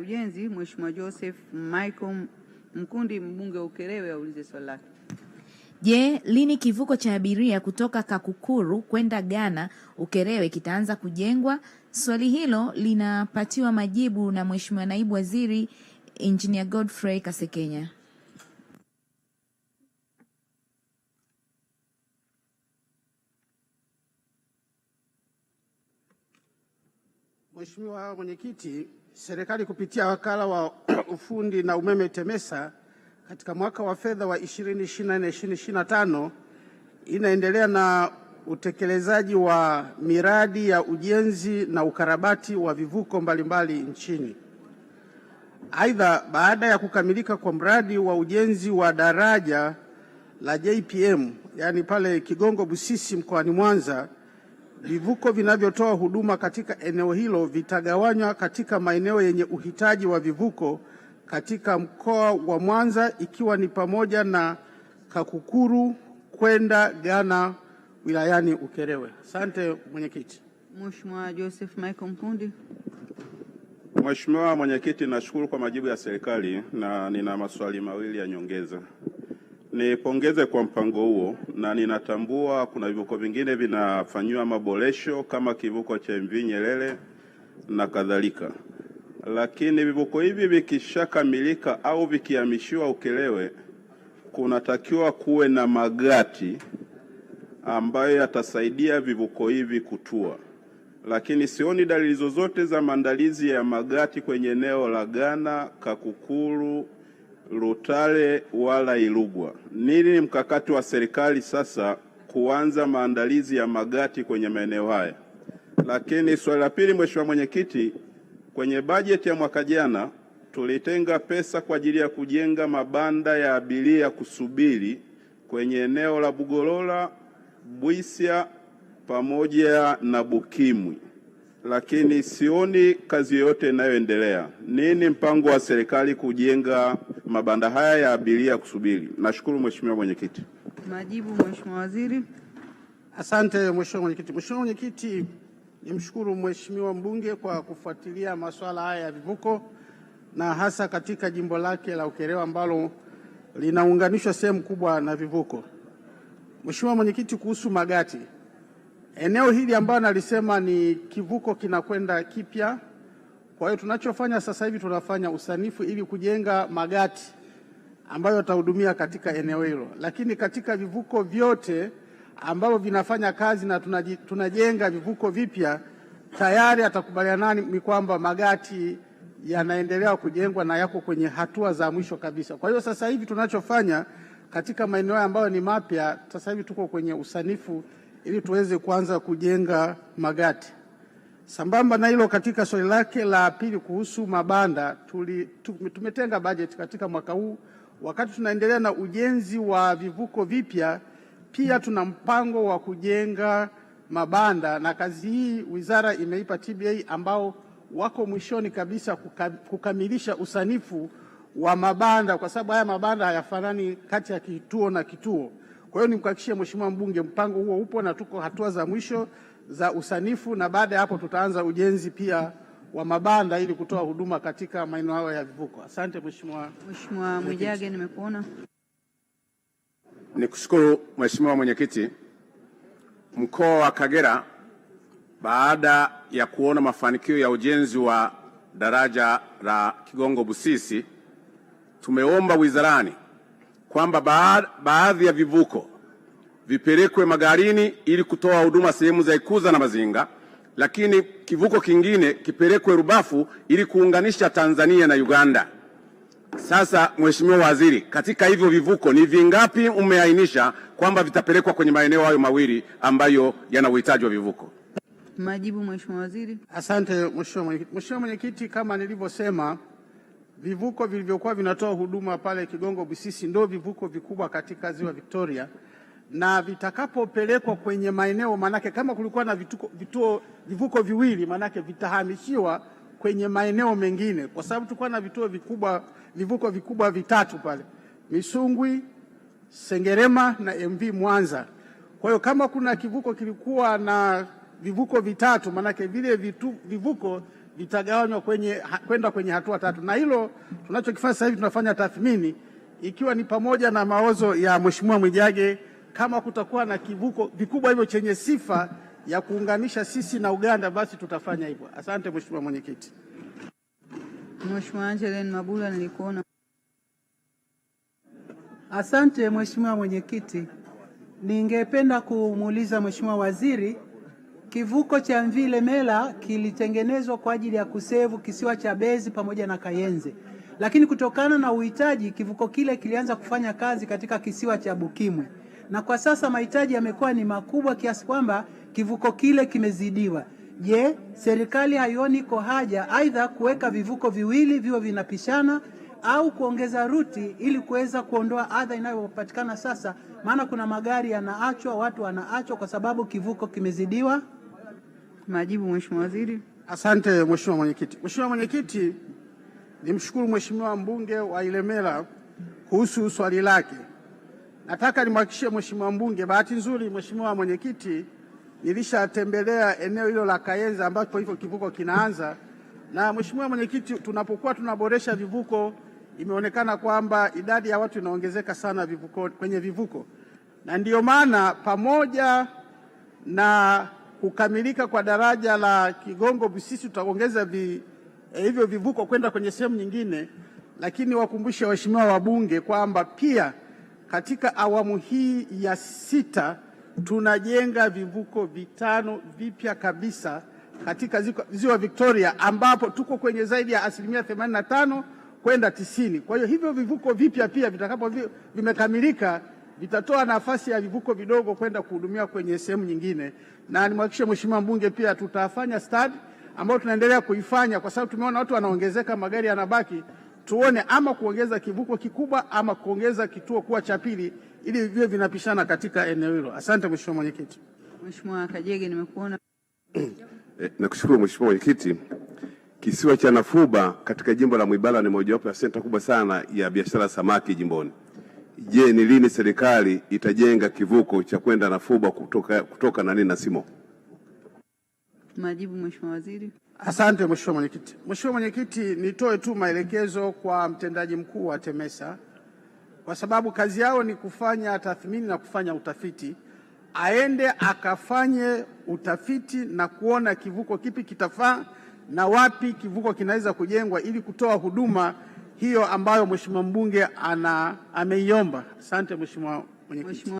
Ujenzi, Mheshimiwa Joseph Michael Mkundi, mbunge wa Ukerewe, aulize swali lake. Je, lini kivuko cha abiria kutoka Kakukuru kwenda Ghana Ukerewe kitaanza kujengwa? Swali hilo linapatiwa majibu na Mheshimiwa Naibu Waziri Engineer Godfrey Kasekenya. Mheshimiwa Mwenyekiti, Serikali kupitia wakala wa ufundi na umeme TEMESA katika mwaka wa fedha wa 2024/2025 inaendelea na utekelezaji wa miradi ya ujenzi na ukarabati wa vivuko mbalimbali nchini. Aidha, baada ya kukamilika kwa mradi wa ujenzi wa daraja la JPM, yaani pale Kigongo Busisi mkoani Mwanza Vivuko vinavyotoa huduma katika eneo hilo vitagawanywa katika maeneo yenye uhitaji wa vivuko katika mkoa wa Mwanza ikiwa ni pamoja na Kakukuru kwenda Ghana wilayani Ukerewe. Asante mwenyekiti. Mheshimiwa Joseph Michael Mkundi. Mheshimiwa mwenyekiti, nashukuru kwa majibu ya serikali na nina maswali mawili ya nyongeza. Nipongeze kwa mpango huo na ninatambua kuna vivuko vingine vinafanyiwa maboresho kama kivuko cha MV Nyerere na kadhalika, lakini vivuko hivi vikishakamilika au vikihamishiwa Ukerewe, kunatakiwa kuwe na magati ambayo yatasaidia vivuko hivi kutua, lakini sioni dalili zozote za maandalizi ya magati kwenye eneo la Ghana, Kakukuru Rutale wala Ilugwa. Nini ni mkakati wa serikali sasa kuanza maandalizi ya magati kwenye maeneo haya? Lakini swali la pili, Mheshimiwa Mwenyekiti, kwenye bajeti ya mwaka jana tulitenga pesa kwa ajili ya kujenga mabanda ya abiria kusubiri kwenye eneo la Bugolola, Bwisya pamoja na Bukimwi, lakini sioni kazi yoyote inayoendelea. Nini mpango wa serikali kujenga mabanda haya ya abiria kusubiri. Nashukuru Mheshimiwa Mwenyekiti. Majibu Mheshimiwa Waziri. Asante Mheshimiwa Mwenyekiti. Mheshimiwa Mwenyekiti, nimshukuru Mheshimiwa mbunge kwa kufuatilia masuala haya ya vivuko na hasa katika jimbo lake la Ukerewe ambalo linaunganishwa sehemu kubwa na vivuko. Mheshimiwa Mwenyekiti, kuhusu Magati, eneo hili ambalo nalisema ni kivuko kinakwenda kipya kwa hiyo tunachofanya sasa hivi tunafanya usanifu ili kujenga magati ambayo yatahudumia katika eneo hilo, lakini katika vivuko vyote ambavyo vinafanya kazi na tunajenga vivuko vipya, tayari atakubaliana nani ni kwamba magati yanaendelea kujengwa na yako kwenye hatua za mwisho kabisa. Kwa hiyo sasa hivi tunachofanya katika maeneo ambayo ni mapya, sasa hivi tuko kwenye usanifu ili tuweze kuanza kujenga magati. Sambamba na hilo, katika swali lake la pili kuhusu mabanda tuli, tumetenga bajeti katika mwaka huu wakati tunaendelea na ujenzi wa vivuko vipya. Pia tuna mpango wa kujenga mabanda na kazi hii wizara imeipa TBA ambao wako mwishoni kabisa kukamilisha usanifu wa mabanda, kwa sababu haya mabanda hayafanani kati ya kituo na kituo. Kwa hiyo nimkuhakikishie Mheshimiwa mbunge, mpango huo upo na tuko hatua za mwisho za usanifu, na baada ya hapo tutaanza ujenzi pia wa mabanda ili kutoa huduma katika maeneo hayo ya vivuko. Asante Mheshimiwa. Mheshimiwa Mwijage, nimekuona. Nikushukuru Mheshimiwa Mwenyekiti. Mkoa wa Kagera baada ya kuona mafanikio ya ujenzi wa daraja la Kigongo Busisi, tumeomba wizarani kwamba baadhi ya vivuko vipelekwe magarini ili kutoa huduma sehemu za Ikuza na Mazinga, lakini kivuko kingine kipelekwe Rubafu ili kuunganisha Tanzania na Uganda. Sasa Mheshimiwa Waziri, katika hivyo vivuko ni vingapi umeainisha kwamba vitapelekwa kwenye maeneo hayo mawili ambayo yana uhitaji wa vivuko? Majibu Mheshimiwa Waziri. Asante Mheshimiwa Mwenyekiti, kama nilivyosema, vivuko vilivyokuwa vinatoa huduma pale Kigongo Busisi ndio vivuko vikubwa katika Ziwa Victoria na vitakapopelekwa kwenye maeneo, manake kama kulikuwa na vituko, vituo vivuko viwili, manake vitahamishiwa kwenye maeneo mengine, kwa sababu tulikuwa na vituo vikubwa, vivuko vikubwa vitatu pale Misungwi, Sengerema na MV Mwanza. Kwa hiyo kama kuna kivuko kilikuwa na vivuko vitatu, manake vile vitu, vivuko vitagawanywa kwenye kwenda kwenye hatua tatu, na hilo tunachokifanya sasa hivi tunafanya tathmini, ikiwa ni pamoja na maozo ya Mheshimiwa Mwijage kama kutakuwa na kivuko vikubwa hivyo chenye sifa ya kuunganisha sisi na Uganda, basi tutafanya hivyo. Asante Mheshimiwa Mwenyekiti. Mheshimiwa Angeline Mabula, nilikuona. Asante Mheshimiwa Mwenyekiti, ningependa kumuuliza Mheshimiwa Waziri, kivuko cha Mvile Mela kilitengenezwa kwa ajili ya kusevu kisiwa cha Bezi pamoja na Kayenze, lakini kutokana na uhitaji kivuko kile kilianza kufanya kazi katika kisiwa cha Bukimwe na kwa sasa mahitaji yamekuwa ni makubwa kiasi kwamba kivuko kile kimezidiwa. Je, serikali haioni iko haja aidha kuweka vivuko viwili viwe vinapishana au kuongeza ruti ili kuweza kuondoa adha inayopatikana sasa? Maana kuna magari yanaachwa, watu wanaachwa kwa sababu kivuko kimezidiwa. Majibu, Mheshimiwa Waziri. Asante Mheshimiwa Mwenyekiti. Mheshimiwa Mwenyekiti, nimshukuru Mheshimiwa mbunge wa Ilemela kuhusu swali lake. Nataka nimhakikishie mheshimiwa mbunge, bahati nzuri mheshimiwa mwenyekiti, nilishatembelea eneo hilo la Kayenza ambapo hivyo kivuko kinaanza, na mheshimiwa mwenyekiti, tunapokuwa tunaboresha vivuko, imeonekana kwamba idadi ya watu inaongezeka sana vivuko, kwenye vivuko, na ndiyo maana pamoja na kukamilika kwa daraja la Kigongo Busisi tutaongeza vi, eh, hivyo vivuko kwenda kwenye sehemu nyingine, lakini wakumbushe waheshimiwa wabunge kwamba pia katika awamu hii ya sita tunajenga vivuko vitano vipya kabisa katika ziwa Victoria ambapo tuko kwenye zaidi ya asilimia 85 kwenda tisini. Kwa hiyo hivyo vivuko vipya pia vitakapo vimekamilika vitatoa nafasi ya vivuko vidogo kwenda kuhudumia kwenye sehemu nyingine, na nimhakikishe Mheshimiwa mbunge pia tutafanya stadi ambayo tunaendelea kuifanya kwa sababu tumeona watu wanaongezeka, magari yanabaki tuone ama kuongeza kivuko kikubwa ama kuongeza kituo kuwa cha pili, ili viwe vinapishana katika eneo hilo. Asante Mheshimiwa Mwenyekiti. Mheshimiwa Kajege, nimekuona. Eh, nakushukuru Mheshimiwa Mwenyekiti. Kisiwa cha Nafuba katika jimbo la Mwibara ni mojawapo ya senta kubwa sana ya biashara samaki jimboni. Je, ni lini serikali itajenga kivuko cha kwenda Nafuba kutoka, kutoka nani na Simo? Majibu Mheshimiwa Waziri. Asante Mheshimiwa Mwenyekiti. Mheshimiwa Mwenyekiti, nitoe tu maelekezo kwa mtendaji mkuu wa TEMESA kwa sababu kazi yao ni kufanya tathmini na kufanya utafiti, aende akafanye utafiti na kuona kivuko kipi kitafaa na wapi kivuko kinaweza kujengwa ili kutoa huduma hiyo ambayo Mheshimiwa mbunge ana ameiomba. Asante Mheshimiwa Mwenyekiti.